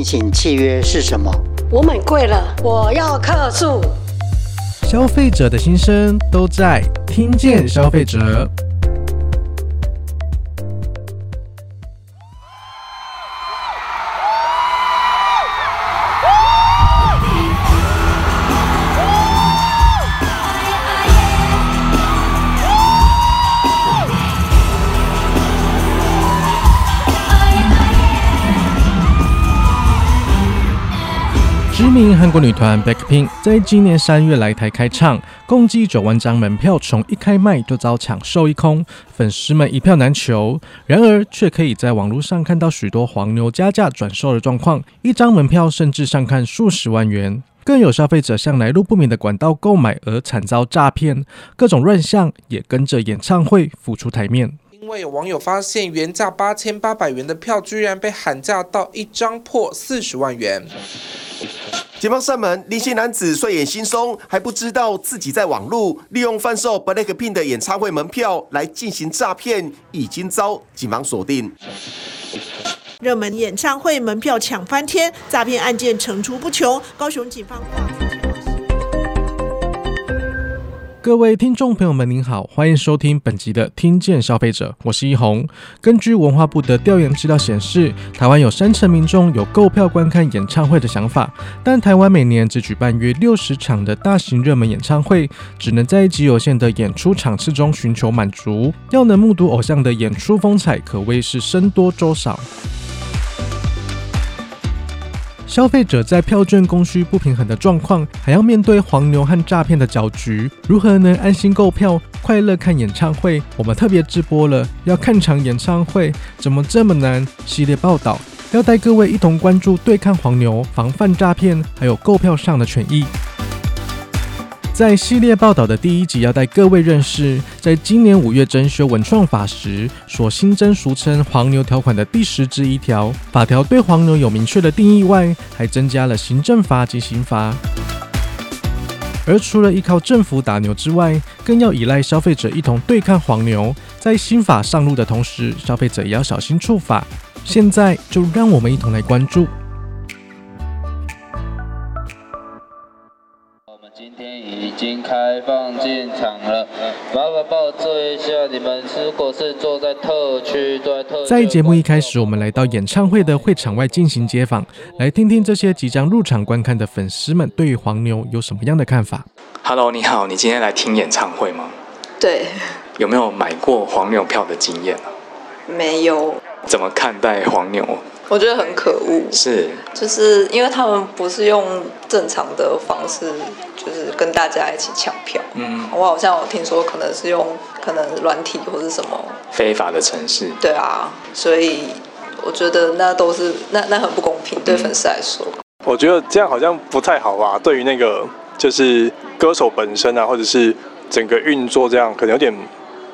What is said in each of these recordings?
進行契約是什麼？我買貴了，我要客訴。消費者的心聲都在聽見，消費者。韓國女團 Blackpink 在今年三月來台開唱，共計九萬張門票，從一開賣就遭搶售一空，粉絲們一票難求。然而，卻可以在網絡上看到許多黃牛加價轉售的狀況，一張門票甚至上看數十萬元。更有消費者向來路不明的管道購買，而慘遭詐騙。各種亂象也跟着演唱會浮出台面。因為有網友發現，原價八千八百元的票，居然被喊價到一張破四十萬元。警方上門，年輕男子睡眼惺忪，還不知道自己在網路利用販售 Blackpink 的演唱會門票來進行詐騙，已經遭警方鎖定。熱門演唱會門票搶翻天，詐騙案件層出不窮。高雄警方。各位聽眾朋友們，您好，歡迎收聽本集的《聽見消費者》，我是一紅。根據文化部的調研資料顯示，台灣有三成民眾有購票觀看演唱會的想法，但台灣每年只舉辦約六十場的大型熱門演唱會，只能在極有限的演出場次中尋求滿足。要能目睹偶像的演出風采，可謂是僧多粥少。消費者在票券供需不平衡的狀況，還要面對黃牛和詐騙的攪局，如何能安心購票、快樂看演唱會？我們特別直播了，要看場演唱會怎麼這麼難？系列報道要帶各位一同關注，對抗黃牛、防範詐騙，還有購票上的權益。在系列報道的第一集，要帶各位認識，在今年五月增修文創法時所新增、俗稱“黃牛”條款的第十之一條法條，對黃牛有明確的定義外，還增加了行政罰及刑罰。而除了依靠政府打牛之外，更要依賴消費者一同對抗黃牛。在新法上路的同時，消費者也要小心觸法。現在就讓我們一同來關注。開放進場了，麻煩幫我坐一下。你們如果是坐在特區，坐在特區。在節目一開始，我們來到演唱會的會場外進行街訪，來聽聽這些即將入場觀看的粉絲們對於黃牛有什麼樣的看法。Hello，你好，你今天來聽演唱會嗎？對，有沒有買過黃牛票的經驗呢、啊？沒有。怎麼看待黃牛？我覺得很可惡。是，就是因為他們不是用正常的方式，就是跟大家一起搶票。嗯，我好像有聽說可能是用可能軟體或是什麼非法的程式。對啊，所以我覺得那都是那那很不公平，嗯、對粉絲來說。我覺得這樣好像不太好吧？對於那個就是歌手本身啊，或者是整個運作這樣，可能有點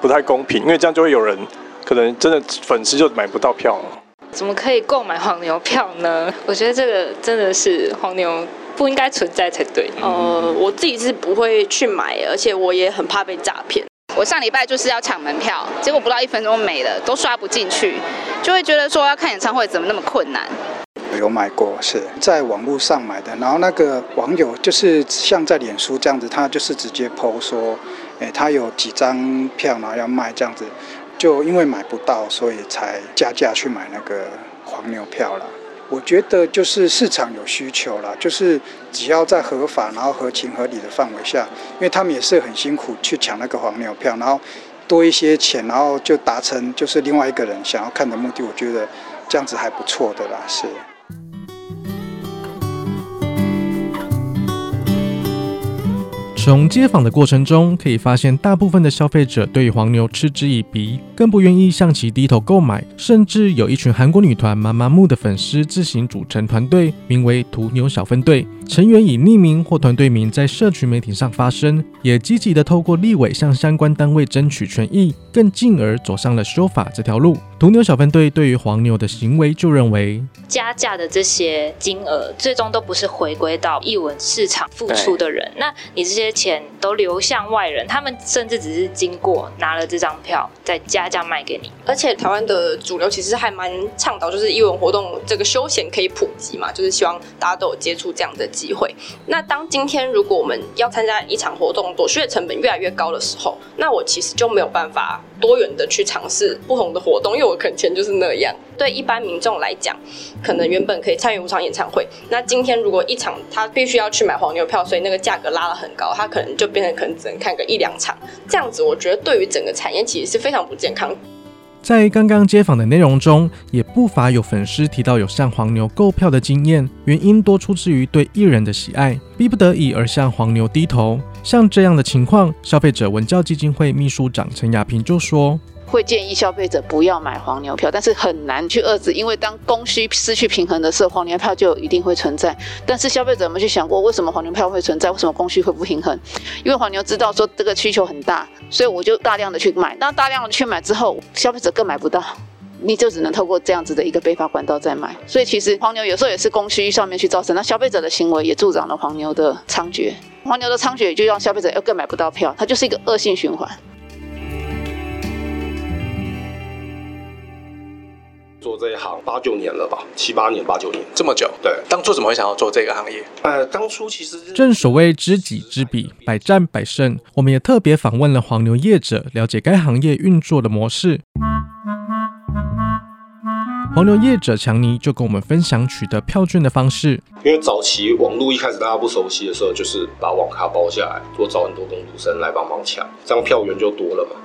不太公平，因為這樣就會有人。可能真的粉絲就買不到票了。怎麼可以購買黃牛票呢？我覺得這個真的是黃牛不應該存在才對。嗯。呃，我自己是不會去買，而且我也很怕被詐騙。我上禮拜就是要搶門票，結果不到一分鐘沒了，都刷不進去，就會覺得說要看演唱會怎麼那麼困難。有買過，是在網絡上買的，然後那個網友就是像在臉書這樣子，他就是直接拋說，哎，他有幾張票然後要賣這樣子。就因為買不到，所以才加價去買那個黃牛票啦。我覺得就是市場有需求啦，就是只要在合法然後合情合理的範圍下，因為他們也是很辛苦去搶那個黃牛票，然後多一些錢，然後就達成就是另外一個人想要看的目的。我覺得這樣子還不錯的啦，是。從街訪的過程中可以發現，大部分的消費者對黃牛嗤之以鼻，更不願意向其低頭購買。甚至有一群韓國女團 MAMAMOO 的粉絲自行組成團隊，名為“屠牛小分隊”，成員以匿名或團隊名在社群媒體上發聲，也積極的透過立委向相關單位爭取權益，更進而走上了修法這條路。屠牛小分隊對於黃牛的行為就認為，加價的這些金額最終都不是回歸到藝文市場付出的人，那你這些。錢都流向外人，他們甚至只是經過拿了這張票再加價賣給你。而且台灣的主流其實還蠻倡導，就是藝文活動這個休閒可以普及嘛，就是希望大家都有接觸這樣的機會。那當今天如果我們要參加一場活動，所需的成本越來越高的時候，那我其實就沒有辦法。多元的去嘗試不同的活動，因為我以前就是那樣。對一般民眾來講，可能原本可以參與五場演唱會，那今天如果一場他必須要去買黃牛票，所以那個價格拉得很高，他可能就變成可能只能看個一兩場。這樣子，我覺得對於整個產業其實是非常不健康。在剛剛街訪的內容中，也不乏有粉絲提到有向黃牛購票的經驗，原因多出自於對藝人的喜愛，逼不得已而向黃牛低頭。像這樣的情況，消費者文教基金會秘書長陳雅萍就說：“會建議消費者不要買黃牛票，但是很難去遏制，因為當供需失去平衡的時候，黃牛票就一定會存在。但是消費者有沒有去想過，為什麼黃牛票會存在？為什麼供需會不平衡？因為黃牛知道說這個需求很大，所以我就大量的去買。那大量的去買之後，消費者更買不到，你就只能透過這樣子的一個非法管道在買。所以其實黃牛有時候也是供需上面去造成，那消費者的行為也助長了黃牛的猖獗。”黃牛的猖獗就讓消費者又更買不到票，它就是一個惡性循環。做這一行八九年了吧，七八年、八九年這麼久。對，當初怎麼會想要做這個行業？呃，當初其實正所謂知己知彼，百戰百勝。我們也特別訪問了黃牛業者，了解該行業運作的模式。黃牛業者強尼就跟我們分享取得票券的方式，因為早期網絡一開始大家不熟悉的時候，就是把網咖包下來，多找很多工讀生來幫忙搶，這樣票源就多了嘛。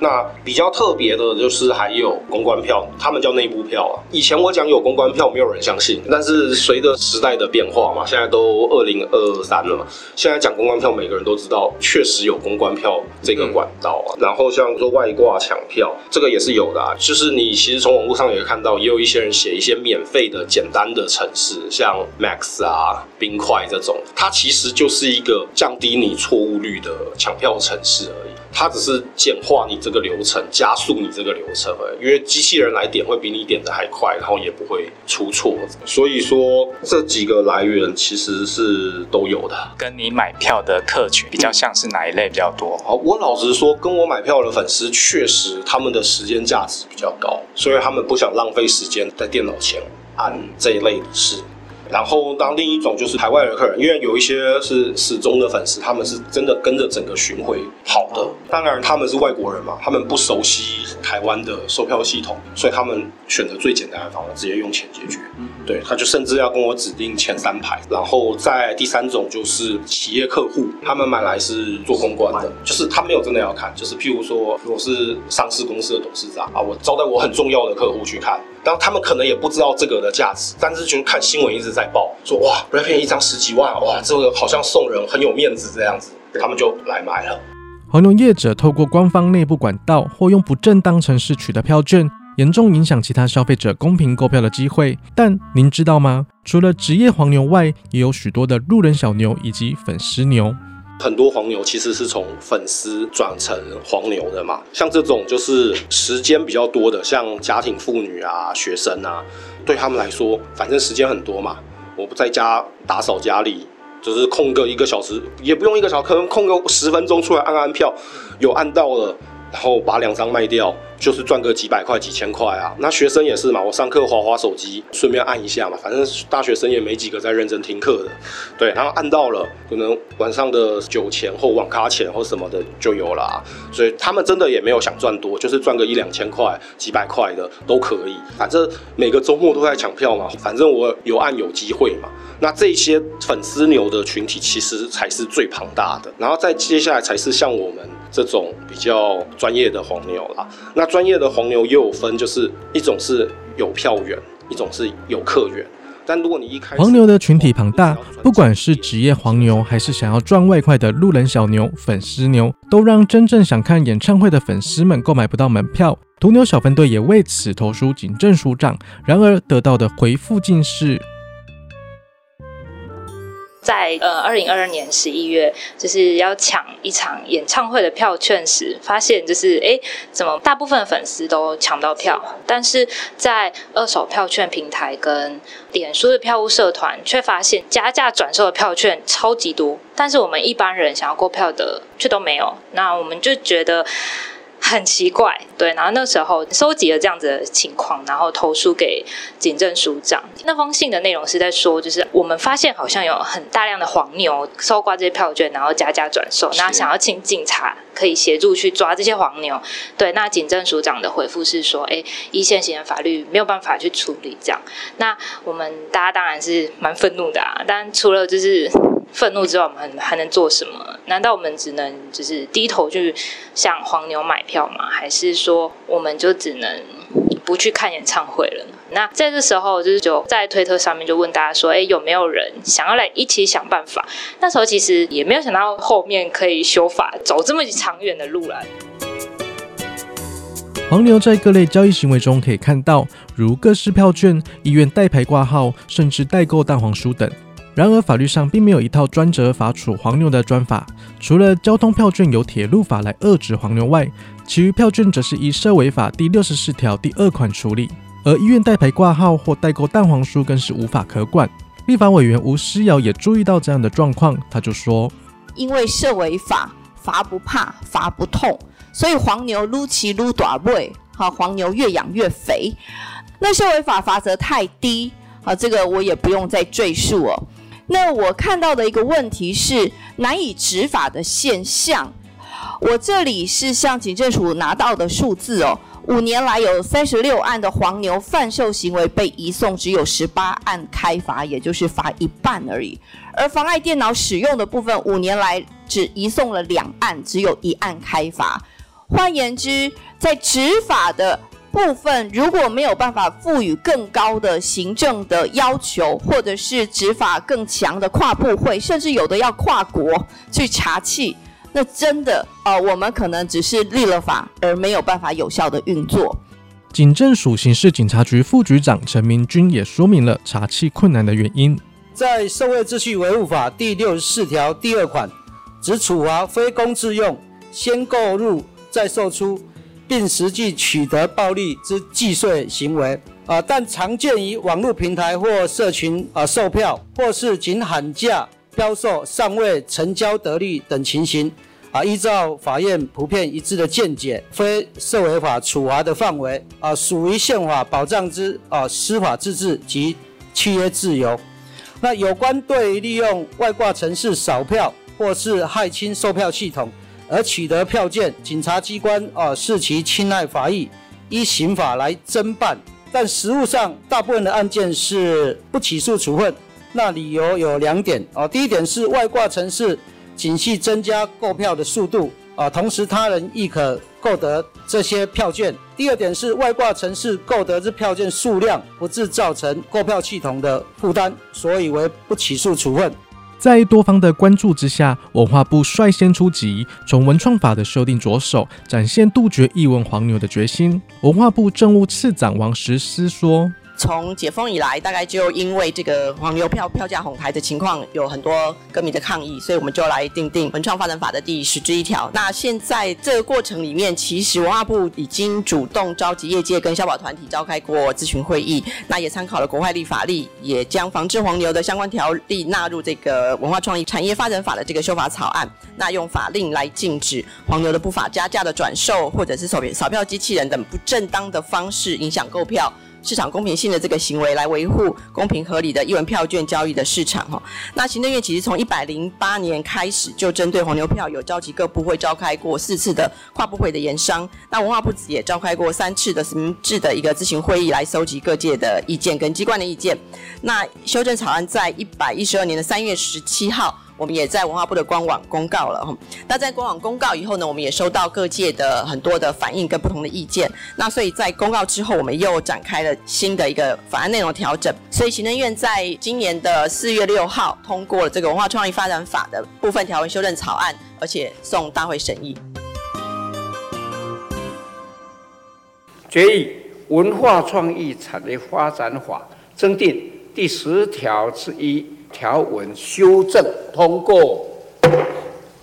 那比較特別的就是還有公關票，他們叫內部票啊。以前我講有公關票，沒有人相信。但是隨着時代的變化嘛，現在都二零二三了嘛。現在講公關票，每個人都知道，確實有公關票這個管道啊。嗯。然後像說外掛搶票，這個也是有的啊，就是你其實從網絡上也看到，也有一些人寫一些免費的簡單的程式，像 Max 啊、冰塊這種，它其實就是一個降低你錯誤率的搶票程式而已。它只是簡化你這個流程，加速你這個流程，因為機器人來點會比你點的還快，然後也不會出錯。所以說這幾個來源其實是都有的。跟你買票的特權比較像是哪一類比較多？哦，我老實說，跟我買票的粉絲確實他們的時間價值比較高，所以他們不想浪費時間在電腦前按這一類的事。然後，當另一種就是海外的客人，因為有一些是死忠的粉絲，他們是真的跟着整個巡迴跑的。當然，他們是外國人嘛，他們不熟悉台灣的售票系統，所以他們選擇最簡單的方法，直接用錢解決。對，他就甚至要跟我指定前三排。然後，在第三種就是企業客戶，他們買來是做公關的，就是他沒有真的要看，就是譬如說我是上市公司的董事長啊，我招待我很重要的客戶去看。然後他們可能也不知道這個的價值，但是就看新聞一直在報，說哇，隨便一張十幾萬，哇，這個好像送人很有面子這樣子，他們就來買了。黃牛業者透過官方內部管道或用不正當程式取得票券，嚴重影響其他消費者公平購票的機會。但您知道嗎？除了職業黃牛外，也有許多的路人小牛以及粉絲牛。很多黃牛其實是從粉絲轉成黃牛的嘛，像這種就是時間比較多的，像家庭婦女啊、學生啊，對他們來說，反正時間很多嘛，我不在家打掃家裡，就是空個一個小時，也不用一個小時，可能空個十分鐘出來按按票，有按到了，然後把兩張賣掉。就是賺個幾百塊、幾千塊啊，那學生也是嘛，我上課滑滑手機，順便按一下嘛，反正大學生也沒幾個在認真聽課的，對，然後按到了，可能晚上的酒錢或網咖錢或什麼的就有啦，所以他們真的也沒有想賺多，就是賺個一兩千塊、幾百塊的都可以，反正每個週末都在搶票嘛，反正我有按有機會嘛，那這些粉絲牛的群體其實才是最龐大的，然後再接下來才是像我們這種比較專業的黃牛啦，那。專業的黃牛也有分，就是一種是有票源，一種是有客源。但如果你一開始，黃牛的群體龐大不，不管是職業黃牛，還是想要賺外快的路人小牛、粉絲牛，都讓真正想看演唱會的粉絲們購買不到門票。途牛小分隊也為此投書警政署長，然而得到的回復竟是。在呃，二零二二年十一月，就是要搶一場演唱會的票券時，發現就是誒、欸、怎麼大部分粉絲都搶到票，但是在二手票券平台跟臉書的票務社團，卻發現加價轉售的票券超級多，但是我們一般人想要購票的卻都沒有。那我們就覺得。很奇怪，對，然後那時候收集了這樣子的情況，然後投訴給警政署長。那封信的內容是在說，就是我們發現好像有很大量的黃牛收刮這些票券，然後加價轉售。那想要請警察可以協助去抓這些黃牛。對，那警政署長的回復是說，誒，依現行的法律沒有辦法去處理這樣。那我們大家當然是蠻憤怒的啊，但除了就是。憤怒之後，我們還能做什麼？難道我們只能就是低頭去向黃牛買票嗎？還是說我們就只能不去看演唱會了呢？那在這時候，就是就在推特上面就問大家說：“哎、欸，有沒有人想要來一起想辦法？”那時候其實也沒有想到後面可以修法走這麼長遠的路了。黃牛在各類交易行為中可以看到，如各式票券、醫院代牌掛號，甚至代購蛋黃酥等。然而，法律上並沒有一套專責罰處黃牛的專法。除了交通票券由鐵路法來遏止黃牛外，其餘票券則是以《社維法》第六十四條第二款處理。而醫院代排掛號或代購蛋黃酥更是無法可管。立法委員吳思瑤也注意到這樣的狀況，他就說：“因為社維法罰不怕罰不痛，所以黃牛撈起撈大尾好黃牛越養越肥。那社維法罰則太低，好、啊、這個我也不用再贅述哦。”那我看到的一個問題是難以執法的現象。我這裡是向警政署拿到的數字哦，五年來有三十六案的黃牛販售行為被移送，只有十八案開罰，也就是罰一半而已。而妨礙電腦使用的部分，五年來只移送了兩案，只有一案開罰。換言之，在執法的部分，如果沒有辦法賦予更高的行政的要求，或者是執法更強的跨部會，甚至有的要跨國去查緝，那真的呃，我們可能只是立了法，而沒有辦法有效的運作。警政署刑事警察局副局長陳明君也說明了查緝困難的原因，在《社會秩序維護法》第六十四條第二款，指處罰非供自用，先購入再售出。並實際取得暴利之計稅行為，啊、呃，但常見於網絡平台或社群啊、呃、售票，或是僅喊價銷售尚未成交得利等情形，啊、呃，依照法院普遍一致的見解，非受違法處罰的範圍，啊、呃，屬於憲法保障之啊、呃、私法自治及契約自由。那有關對於利用外掛程式掃票或是駭侵售票系統。而取得票券，檢察機關啊視其侵害法益，依刑法來偵辦。但實務上，大部分的案件是不起訴處分。那理由有兩點啊，第一點是外掛程式，僅係增加購票的速度啊，同時他人亦可購得這些票券。第二點是外掛程式購得之票券數量不致造成購票系統的負擔，所以為不起訴處分。在多方的關注之下，文化部率先出擊，從文創法的修訂着手，展現杜絕藝文黃牛的決心。文化部政務次長王時思說。從解封以來，大概就因為這個黃牛票票價哄抬的情況，有很多歌迷的抗議，所以我們就來訂定《文創發展法》的第十之一條。那現在這個過程裡面，其實文化部已經主動召集業界跟消保團體召開過諮詢會議，那也參考了國外立法例，也將防治黃牛的相關條例納入這個《文化創意產業,業發展法》的這個修法草案。那用法令來禁止黃牛的不法加價的轉售，或者是掃掃票機器人等不正當的方式影響購票。市場公平性的這個行為，來維護公平合理的藝文票券交易的市場哈。那行政院其實從一百零八年開始就針對黃牛票有召集各部會召開過四次的跨部會的研商。那文化部也召開過三次的實名制的一個諮詢會議，來搜集各界的意見跟機關的意見。那修正草案在一百一十二年的三月十七號，我們也在文化部的官網公告了。那在官網公告以後呢，我們也收到各界的很多的反應跟不同的意見。那所以在公告之後，我們又展開了新的一個法案內容調整。所以行政院在今年的四月六號通過了這個文化創意發展法的部分條文修正草案，而且送大會審議。決議文化創意產業發展法增訂第十條之一。條文修正通過。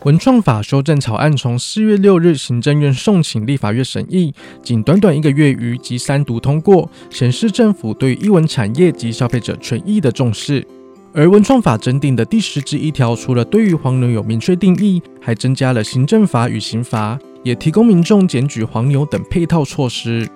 文創法修正草案從四月六日行政院送請立法院審議，僅短短一個月餘即三讀通過，顯示政府對於藝文產業及消費者權益的重視。而文創法增訂的第十之一條，除了對於黃牛有明確定義，還增加了行政法與刑法，也提供民眾檢舉黃牛等配套措施。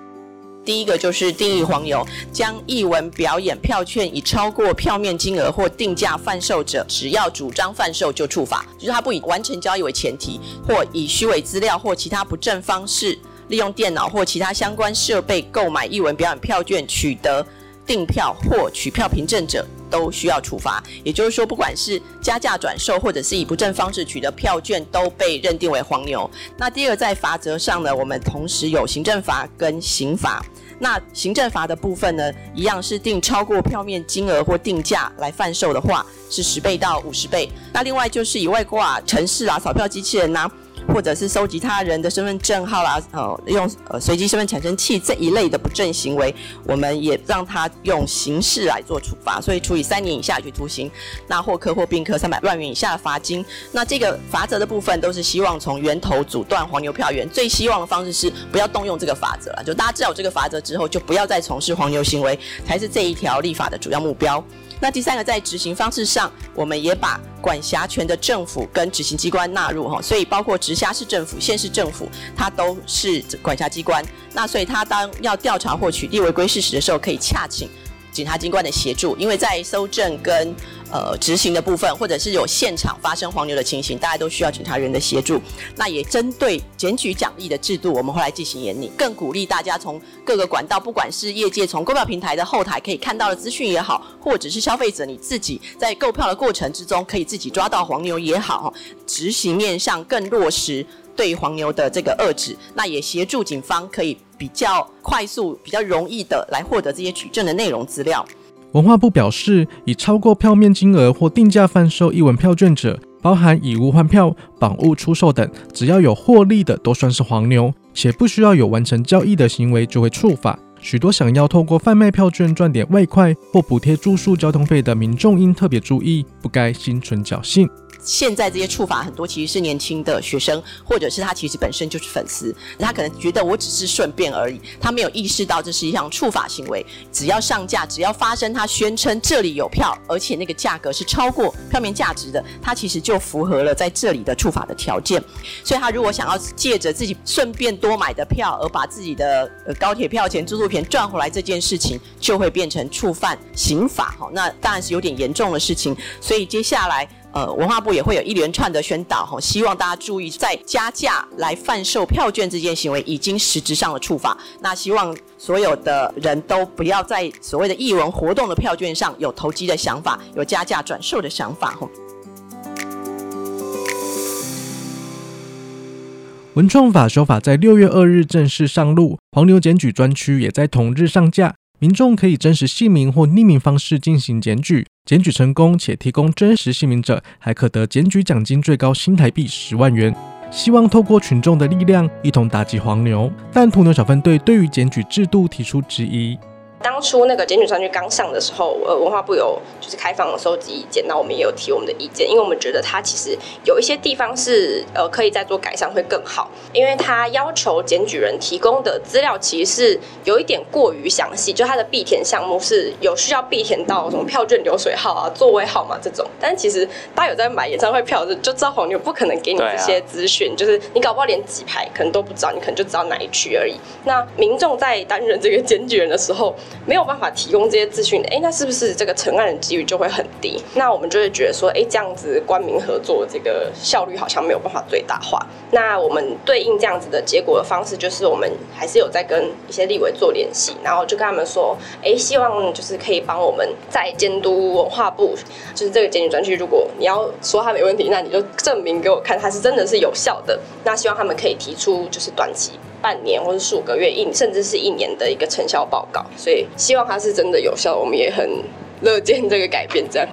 第一個就是定義黃牛，將藝文表演票券以超過票面金額或定價販售者，只要主張販售就處罰，就是他不以完成交易為前提，或以虛偽資料或其他不正方式，利用電腦或其他相關設備購買藝文表演票券取得，訂票或取票憑證者都需要處罰，也就是說，不管是加價轉售或者是以不正方式取得票券，都被認定為黃牛。那第二，在罰則上呢，我們同時有行政罰跟刑罰。那行政罰的部分呢，一樣是定超過票面金額或定價來販售的話，是十倍到五十倍。那另外就是以外掛、啊、城市啊、掃票機器人吶、啊。或者是收集他人的身份證號啦、啊，呃，用呃隨機身份產生器這一類的不正行為，我們也讓他用刑事來做處罰，所以處以三年以下有期徒刑，那或科或併科三百萬元以下的罰金。那這個罰則的部分，都是希望從源頭阻斷黃牛票源。最希望的方式是不要動用這個罰則了，就大家知道這個罰則之後，就不要再從事黃牛行為，才是這一條立法的主要目標。那第三個，在執行方式上，我們也把管轄權的政府跟執行機關納入哈，所以包括直轄市政府、縣市政府，它都是管轄機關。那所以它當要調查或取締違規事實的時候，可以洽請警察機關的協助，因為在搜證跟。呃，執行的部分，或者是有現場發生黃牛的情形，大家都需要警察員的協助。那也針對檢舉獎勵的制度，我們會來進行研擬，更鼓勵大家從各個管道，不管是業界從購票平台的後台可以看到的資訊也好，或者是消費者你自己在購票的過程之中可以自己抓到黃牛也好，執行面上更落實對黃牛的這個遏止，那也協助警方可以比較快速、比較容易的來獲得這些舉證的內容資料。文化部表示，以超過票面金額或定價販售藝文票券者，包含以物換票、綁物出售等，只要有獲利的都算是黃牛，且不需要有完成交易的行為就會處罰。許多想要透過販賣票券賺點外快或補貼住宿、交通費的民眾，應特別注意，不該心存僥倖。現在這些觸法很多，其實是年輕的學生，或者是他其實本身就是粉絲，他可能覺得我只是順便而已，他沒有意識到這是一項觸法行為。只要上架，只要發生他宣稱這裡有票，而且那個價格是超過票面價值的，他其實就符合了在這裡的觸法的條件。所以他如果想要借着自己順便多買的票而把自己的高鐵票錢、住宿錢賺回來這件事情，就會變成觸犯刑法。好，那當然是有點嚴重的事情。所以接下來。呃，文化部也會有一連串的宣導吼，希望大家注意，在加價來販售票券這件行為已經實質上了觸法。那希望所有的人都不要在所謂的藝文活動的票券上有投機的想法，有加價轉售的想法。文創法修法在六月二日正式上路，黃牛檢舉專區也在同日上架，民眾可以真實姓名或匿名方式進行檢舉。檢舉成功且提供真實姓名者，還可得檢舉獎金最高新台幣十萬元。希望透過群眾的力量，一同打擊黃牛。但屠牛小分隊對於檢舉制度提出質疑。當初那個檢舉專區剛上的時候，呃，文化部有就是開放收集意見，那我們也有提我們的意見，因為我們覺得它其實有一些地方是呃可以再做改善會更好，因為它要求檢舉人提供的資料其實是有一點過於詳細，就它的必填項目是有需要必填到什麼票券流水號啊、座位號碼這種，但其實大家有在買演唱會票，就就知道黃牛不可能給你這些資訊，啊，就是你搞不好連幾排可能都不知道，你可能就知道哪一區而已。那民眾在擔任這個檢舉人的時候，沒有辦法提供這些資訊，誒，那是不是這個成案的幾率就會很低？那我們就會覺得說，誒，這樣子官民合作這個效率好像沒有辦法最大化。那我們對應這樣子的結果的方式，就是我們還是有在跟一些立委做聯繫，然後就跟他們說，誒，希望就是可以幫我們在監督文化部，就是這個檢舉專區，如果你要說它沒問題，那你就證明給我看它是真的是有效的。那希望他們可以提出就是短期。半年或者數個月，一甚至是一年的一個成效報告，所以希望它是真的有效，我們也很樂見這個改變。這樣，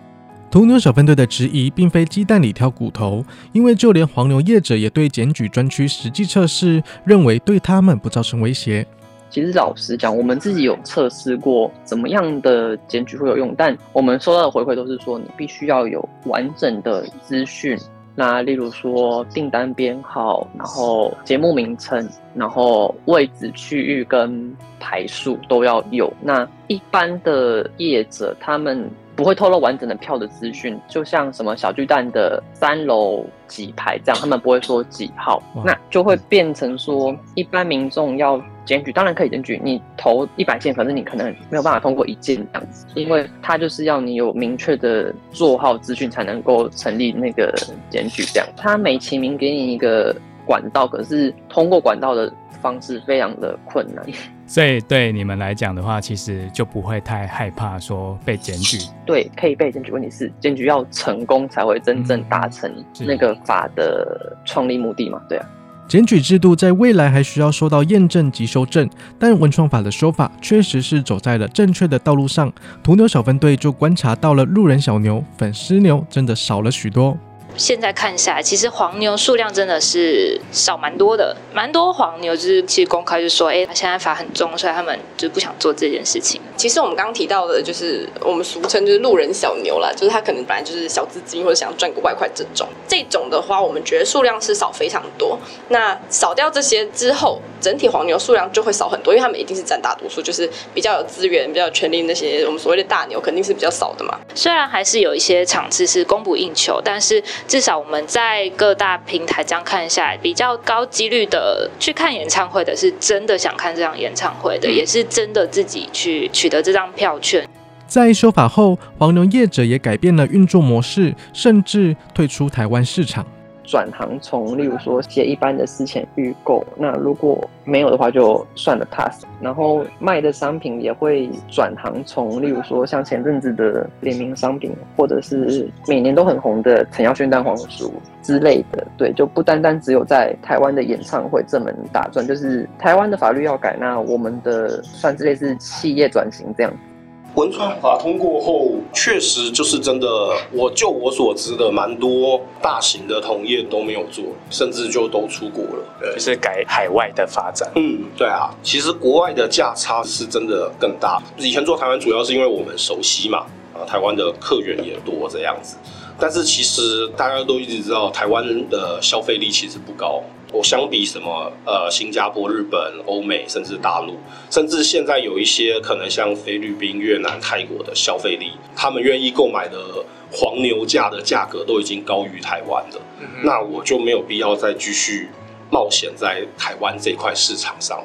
屠牛小分隊的質疑並非雞蛋裡挑骨頭，因為就連黃牛業者也對檢舉專區實際測試，認為對他們不造成威脅。其實老實講，我們自己有測試過，怎麼樣的檢舉會有用，但我們收到的回饋都是說，你必須要有完整的資訊。那例如說訂單編號，然後節目名稱，然後位置區域跟排數都要有。那一般的業者他們。不會透露完整的票的資訊，就像什麼小巨蛋的三樓幾排這樣，他們不會說幾號，那就會變成說一般民眾要檢舉，當然可以檢舉，你投一百件，可是你可能沒有辦法通過一件這樣子，因為他就是要你有明確的座號資訊才能夠成立那個檢舉這樣。他美其名給你一個管道，可是通過管道的方式非常的困難。所以對你們來講的話，其實就不會太害怕說被檢舉。對，可以被檢舉。問題是，檢舉要成功才會真正達成那個法的創立目的嘛？嗯、對啊。檢舉制度在未來還需要受到驗證及修正，但文創法的修法確實是走在了正確的道路上。土牛小分隊就觀察到了，路人小牛、粉絲牛真的少了許多。現在看下來，其實黃牛數量真的是少蠻多的，蠻多黃牛就是其實公開就說，哎、欸，他現在法很重，所以他們就不想做這件事情。其實我們剛剛提到的，就是我們俗稱就是路人小牛啦，就是他可能本來就是小資金或者想賺個外快這種，這種的話，我們覺得數量是少非常多。那少掉這些之後，整體黃牛數量就會少很多，因為他們一定是佔大多數，就是比較有資源、比較有權力那些我們所謂的大牛肯定是比較少的嘛。雖然還是有一些場次是供不應求，但是。至少我們在各大平台這樣看下來，比較高幾率的去看演唱會的是真的想看這場演唱會的，嗯，也是真的自己去取得這張票券。在修法後，黃牛業者也改變了運作模式，甚至退出台灣市場。轉行從例如說，寫一般的事前預購，那如果沒有的話就算了 pass。然後賣的商品也會轉行從例如說像前陣子的聯名商品，或者是每年都很紅的陳耀軒蛋黃酥之類的。對，就不單單只有在台灣的演唱會正門打轉，就是台灣的法律要改，那我們的算之類，是類似企業轉型這樣子。文創法通過後，確實就是真的。我就我所知的，蠻多大型的同業都沒有做，甚至就都出國了，對，就是改海外的發展。嗯，對啊，其實國外的價差是真的更大。以前做台灣主要是因為我們熟悉嘛，啊，台灣的客源也多這樣子。但是其實大家都一直知道，台灣的消費力其實不高。我相比什麼？呃，新加坡、日本、歐美，甚至大陸，甚至現在有一些可能像菲律賓、越南、泰國的消費力，他們願意購買的黃牛價的價格都已經高於台灣了、嗯。那我就沒有必要再繼續冒險在台灣這塊市場上。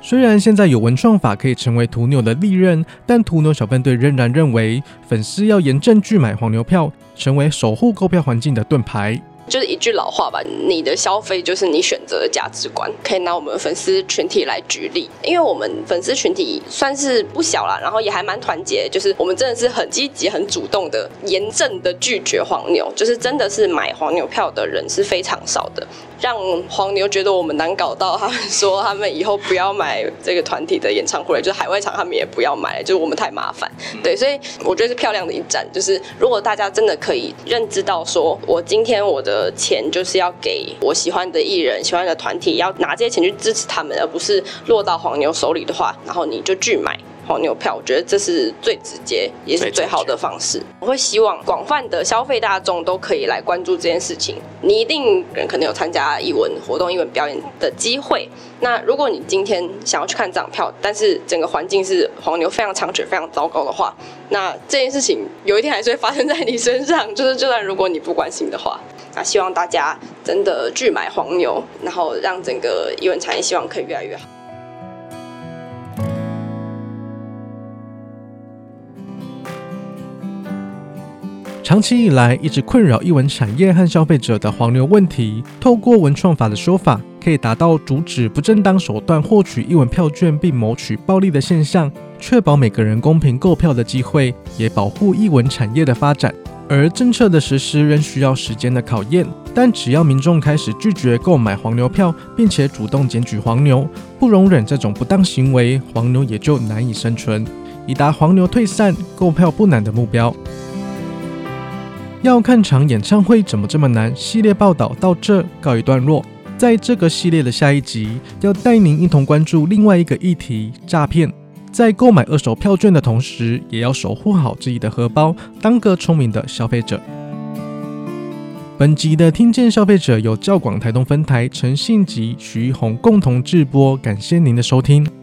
雖然現在有文創法可以成為途牛的利刃，但途牛小分隊仍然認為，粉絲要嚴正拒買黃牛票，成為守護購票環境的盾牌。就是一句老話吧，你的消費就是你選擇的價值觀。可以拿我們粉絲群體來舉例，因為我們粉絲群體算是不小啦，然後也還蠻團結。就是我們真的是很積極、很主動的、嚴正的拒絕黃牛。就是真的是買黃牛票的人是非常少的，讓黃牛覺得我們難搞到。他們說他們以後不要買這個團體的演唱會，就是海外場他們也不要買，就是我們太麻煩。對，所以我覺得是漂亮的一戰。就是如果大家真的可以認知到，說我今天我的。錢就是要給我喜歡的藝人、喜歡的團體，要拿這些錢去支持他們，而不是落到黃牛手裡的話，然後你就拒買。黃牛票，我覺得這是最直接也是最好的方式。我會希望廣泛的消費大眾都可以來關注這件事情。你一定人可能有參加藝文活動、藝文表演的機會。那如果你今天想要去看漲票，但是整個環境是黃牛非常猖獗，非常糟糕的話，那這件事情有一天還是會發生在你身上。就是就算如果你不關心的話，那希望大家真的拒買黃牛，然後讓整個藝文產業希望可以越來越好。長期以來一直困擾藝文產業和消費者的黃牛問題，透過文創法的修法，可以達到阻止不正當手段獲取藝文票券並牟取暴利的現象，確保每個人公平購票的機會，也保護藝文產業的發展。而政策的實施仍需要時間的考驗，但只要民眾開始拒絕購買黃牛票，並且主動檢舉黃牛，不容忍這種不當行為，黃牛也就難以生存，以達黃牛退散、購票不難的目標。要看場演唱會怎麼這麼難？系列報道到這告一段落。在這個系列的下一集，要帶您一同關注另外一個議題——詐騙。在購買二手票券的同時，也要守護好自己的荷包，當個聰明的消費者。本集的聽見消費者由教廣臺東分台陳信吉、徐一紅共同制播，感謝您的收聽。